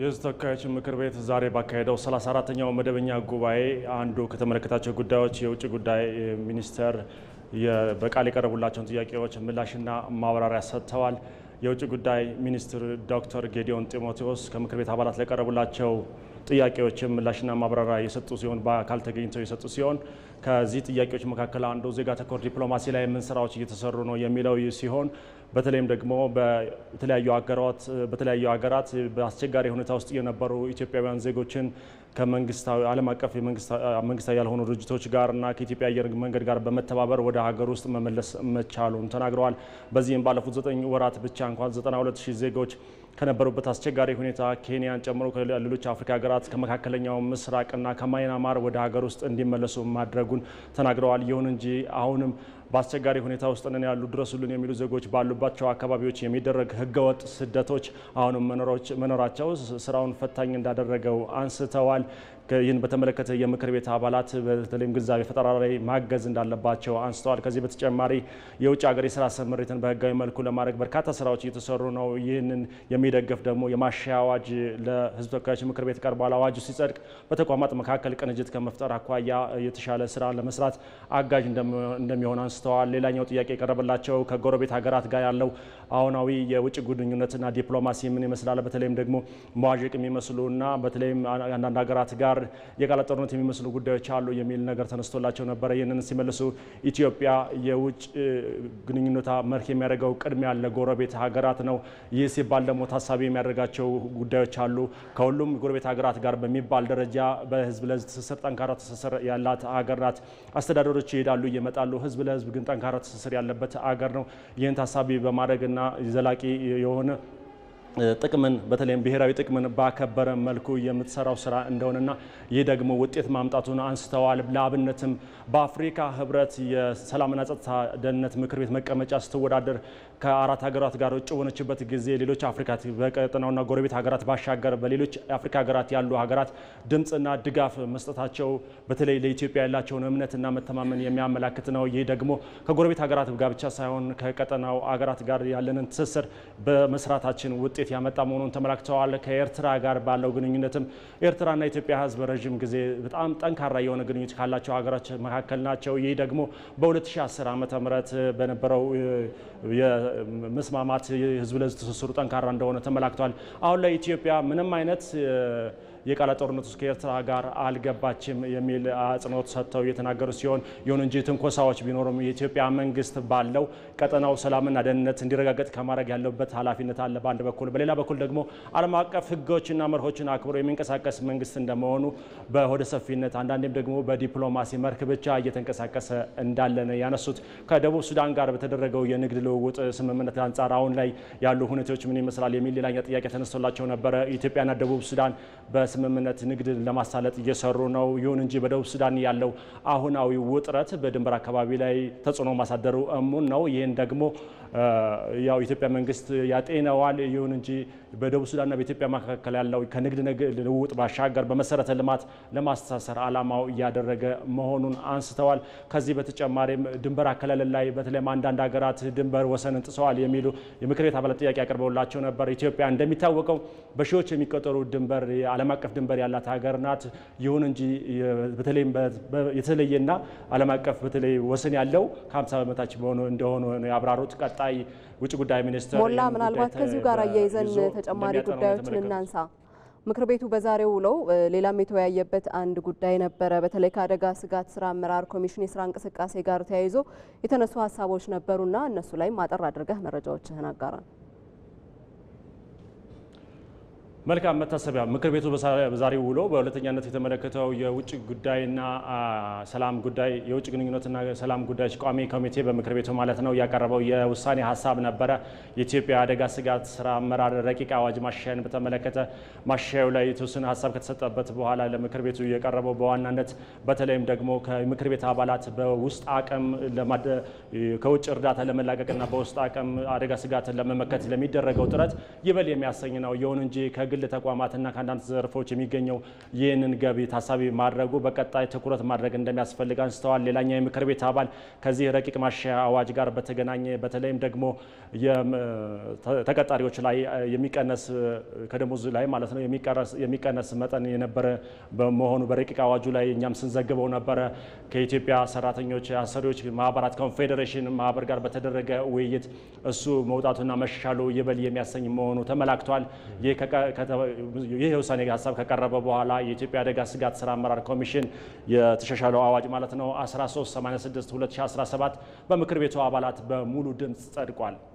የሕዝብ ተወካዮች ምክር ቤት ዛሬ ባካሄደው 34 ተኛው መደበኛ ጉባኤ አንዱ ከተመለከታቸው ጉዳዮች የውጭ ጉዳይ ሚኒስቴር በቃል የቀረቡላቸውን ጥያቄዎች ምላሽና ማብራሪያ ሰጥተዋል። የውጭ ጉዳይ ሚኒስትር ዶክተር ጌዲዮን ጢሞቴዎስ ከምክር ቤት አባላት ለቀረቡላቸው ጥያቄዎችም ምላሽና ማብራሪያ የሰጡ ሲሆን በአካል ተገኝተው የሰጡ ሲሆን ከዚህ ጥያቄዎች መካከል አንዱ ዜጋ ተኮር ዲፕሎማሲ ላይ ምን ስራዎች እየተሰሩ ነው የሚለው ሲሆን በተለይም ደግሞ በተለያዩ ሀገራት በተለያዩ ሀገራት በአስቸጋሪ ሁኔታ ውስጥ የነበሩ ኢትዮጵያውያን ዜጎችን ከመንግስታዊ ዓለም አቀፍ መንግስታዊ ያልሆኑ ድርጅቶች ጋርና ከኢትዮጵያ አየር መንገድ ጋር በመተባበር ወደ ሀገር ውስጥ መመለስ መቻሉን ተናግረዋል። በዚህም ባለፉት ዘጠኝ ወራት ብቻ እንኳን 92 ሺህ ዜጎች ከነበሩበት አስቸጋሪ ሁኔታ ኬንያን ጨምሮ ከሌሎች አፍሪካ ሀገራት ከመካከለኛው ምስራቅና ከማይናማር ወደ ሀገር ውስጥ እንዲመለሱ ማድረጉን ተናግረዋል። ይሁን እንጂ አሁንም በአስቸጋሪ ሁኔታ ውስጥ ነን ያሉ ድረሱልን የሚሉ ዜጎች ባሉባቸው አካባቢዎች የሚደረግ ህገወጥ ስደቶች አሁንም መኖራቸው ስራውን ፈታኝ እንዳደረገው አንስተዋል። ይህን በተመለከተ የምክር ቤት አባላት በተለይም ግንዛቤ ፈጠራ ላይ ማገዝ እንዳለባቸው አንስተዋል። ከዚህ በተጨማሪ የውጭ ሀገር የስራ ስምሪትን በህጋዊ መልኩ ለማድረግ በርካታ ስራዎች እየተሰሩ ነው። ይህንን የሚደግፍ ደግሞ የማሻያ አዋጅ ለህዝብ ተወካዮች ምክር ቤት ቀርቧል። አዋጁ ሲጸድቅ በተቋማት መካከል ቅንጅት ከመፍጠር አኳያ የተሻለ ስራ ለመስራት አጋዥ እንደሚሆን አንስተዋል። ሌላኛው ጥያቄ የቀረበላቸው ከጎረቤት ሀገራት ጋር ያለው አሁናዊ የውጭ ግንኙነትና ዲፕሎማሲ ምን ይመስላል፣ በተለይም ደግሞ መዋዠቅ እና በተለይም አንዳንድ ሀገራት ጋር ጋር የቃላት ጦርነት የሚመስሉ ጉዳዮች አሉ የሚል ነገር ተነስቶላቸው ነበረ። ይህንን ሲመልሱ ኢትዮጵያ የውጭ ግንኙነት መልክ የሚያደርገው ቅድሚያ ጎረቤት ሀገራት ነው። ይህ ሲባል ደግሞ ታሳቢ የሚያደርጋቸው ጉዳዮች አሉ። ከሁሉም ጎረቤት ሀገራት ጋር በሚባል ደረጃ በህዝብ ለህዝብ ትስስር ጠንካራ ትስስር ያላት ሀገር ናት። አስተዳደሮች ይሄዳሉ ይመጣሉ። ህዝብ ለህዝብ ግን ጠንካራ ትስስር ያለበት ሀገር ነው። ይህን ታሳቢ በማድረግና ዘላቂ የሆነ ጥቅምን በተለይም ብሔራዊ ጥቅምን ባከበረ መልኩ የምትሰራው ስራ እንደሆነና ይህ ደግሞ ውጤት ማምጣቱን አንስተዋል። ለአብነትም በአፍሪካ ህብረት የሰላምና ጸጥታ ደህንነት ምክር ቤት መቀመጫ ስትወዳደር ከአራት ሀገራት ጋር እጩ ሆነችበት ጊዜ ሌሎች አፍሪካ በቀጠናውና ጎረቤት ሀገራት ባሻገር በሌሎች የአፍሪካ ሀገራት ያሉ ሀገራት ድምፅና ድጋፍ መስጠታቸው በተለይ ለኢትዮጵያ ያላቸውን እምነትና መተማመን የሚያመላክት ነው። ይህ ደግሞ ከጎረቤት ሀገራት ጋር ብቻ ሳይሆን ከቀጠናው ሀገራት ጋር ያለንን ትስስር በመስራታችን ውጤት ውጤት ያመጣ መሆኑን ተመላክተዋል። ከኤርትራ ጋር ባለው ግንኙነትም ኤርትራና ኢትዮጵያ ሕዝብ ረዥም ጊዜ በጣም ጠንካራ የሆነ ግንኙነት ካላቸው ሀገሮች መካከል ናቸው። ይህ ደግሞ በ2010 ዓ.ም በነበረው መስማማት ሕዝብ ለሕዝብ ትስስሩ ጠንካራ እንደሆነ ተመላክተዋል። አሁን ላይ ኢትዮጵያ ምንም አይነት የቃለ ጦርነት ውስጥ ከኤርትራ ጋር አልገባችም የሚል አጽንኦት ሰጥተው የተናገሩ ሲሆን ይሁን እንጂ ትንኮሳዎች ቢኖሩም የኢትዮጵያ መንግስት ባለው ቀጠናው ሰላምና ደህንነት እንዲረጋገጥ ከማድረግ ያለበት ኃላፊነት አለ በአንድ በኩል፣ በሌላ በኩል ደግሞ ዓለም አቀፍ ህጎችና መርሆችን አክብሮ የሚንቀሳቀስ መንግስት እንደመሆኑ በሆደ ሰፊነት አንዳንዴም ደግሞ በዲፕሎማሲ መርክ ብቻ እየተንቀሳቀሰ እንዳለ ነው ያነሱት። ከደቡብ ሱዳን ጋር በተደረገው የንግድ ልውውጥ ስምምነት አንጻር አሁን ላይ ያሉ ሁኔታዎች ምን ይመስላል የሚል ሌላኛ ጥያቄ ተነስቶላቸው ነበረ። ኢትዮጵያና ደቡብ ሱዳን ስምምነት ንግድን ለማሳለጥ እየሰሩ ነው። ይሁን እንጂ በደቡብ ሱዳን ያለው አሁናዊ ውጥረት በድንበር አካባቢ ላይ ተጽዕኖ ማሳደሩ እሙን ነው። ይህን ደግሞ ያው ኢትዮጵያ መንግስት ያጤነዋል። ይሁን እንጂ በደቡብ ሱዳንና በኢትዮጵያ መካከል ያለው ከንግድ ልውውጥ ባሻገር በመሰረተ ልማት ለማስተሳሰር አላማው እያደረገ መሆኑን አንስተዋል። ከዚህ በተጨማሪም ድንበር አከላለል ላይ በተለይም አንዳንድ ሀገራት ድንበር ወሰንን ጥሰዋል የሚሉ የምክር ቤት አባላት ጥያቄ አቅርበውላቸው ነበር። ኢትዮጵያ እንደሚታወቀው በሺዎች የሚቆጠሩ ድንበር ዓለም አቀፍ አቀፍ ድንበር ያላት ሀገር ናት። ይሁን እንጂ በተለይ የተለየና ዓለም አቀፍ በተለይ ወሰን ያለው ከ50 በመታች እንደሆኑ ያብራሩት ቀጣይ ውጭ ጉዳይ ሚኒስትር ሞላ ምናልባት ከዚሁ ጋር አያይዘን ተጨማሪ ጉዳዮችን እናንሳ። ምክር ቤቱ በዛሬው ውለው ሌላም የተወያየበት አንድ ጉዳይ ነበረ። በተለይ ከአደጋ ስጋት ስራ አመራር ኮሚሽን የስራ እንቅስቃሴ ጋር ተያይዞ የተነሱ ሀሳቦች ነበሩና እነሱ ላይም አጠር አድርገህ መረጃዎችህን አጋራል። መልካም መታሰቢያ። ምክር ቤቱ በዛሬው ውሎ በሁለተኛነት የተመለከተው የውጭ ጉዳይና ሰላም ጉዳይ የውጭ ግንኙነትና ሰላም ጉዳዮች ቋሚ ኮሚቴ በምክር ቤቱ ማለት ነው ያቀረበው የውሳኔ ሀሳብ ነበረ። የኢትዮጵያ አደጋ ስጋት ስራ አመራር ረቂቅ አዋጅ ማሻያን በተመለከተ ማሻያው ላይ የተወሰነ ሀሳብ ከተሰጠበት በኋላ ለምክር ቤቱ የቀረበው በዋናነት በተለይም ደግሞ ከምክር ቤት አባላት በውስጥ አቅም ከውጭ እርዳታ ለመላቀቅና በውስጥ አቅም አደጋ ስጋትን ለመመከት ለሚደረገው ጥረት ይበል የሚያሰኝ ነው። ይሁን እንጂ ከግል ተቋማትና ከአንዳንድ ዘርፎች የሚገኘው ይህንን ገቢ ታሳቢ ማድረጉ በቀጣይ ትኩረት ማድረግ እንደሚያስፈልግ አንስተዋል። ሌላኛው የምክር ቤት አባል ከዚህ ረቂቅ ማሻሻያ አዋጅ ጋር በተገናኘ በተለይም ደግሞ ተቀጣሪዎች ላይ የሚቀነስ ከደሞዝ ላይ ማለት ነው የሚቀነስ መጠን የነበረ በመሆኑ በረቂቅ አዋጁ ላይ እኛም ስንዘግበው ነበረ። ከኢትዮጵያ ሰራተኞች አሰሪዎች ማህበራት ኮንፌዴሬሽን ማህበር ጋር በተደረገ ውይይት እሱ መውጣቱና መሻሻሉ ይበል የሚያሰኝ መሆኑ ተመላክቷል። ይህ ይህ የውሳኔ ሀሳብ ከቀረበ በኋላ የኢትዮጵያ አደጋ ስጋት ስራ አመራር ኮሚሽን የተሻሻለው አዋጅ ማለት ነው 1386 2017 በምክር ቤቱ አባላት በሙሉ ድምፅ ጸድቋል።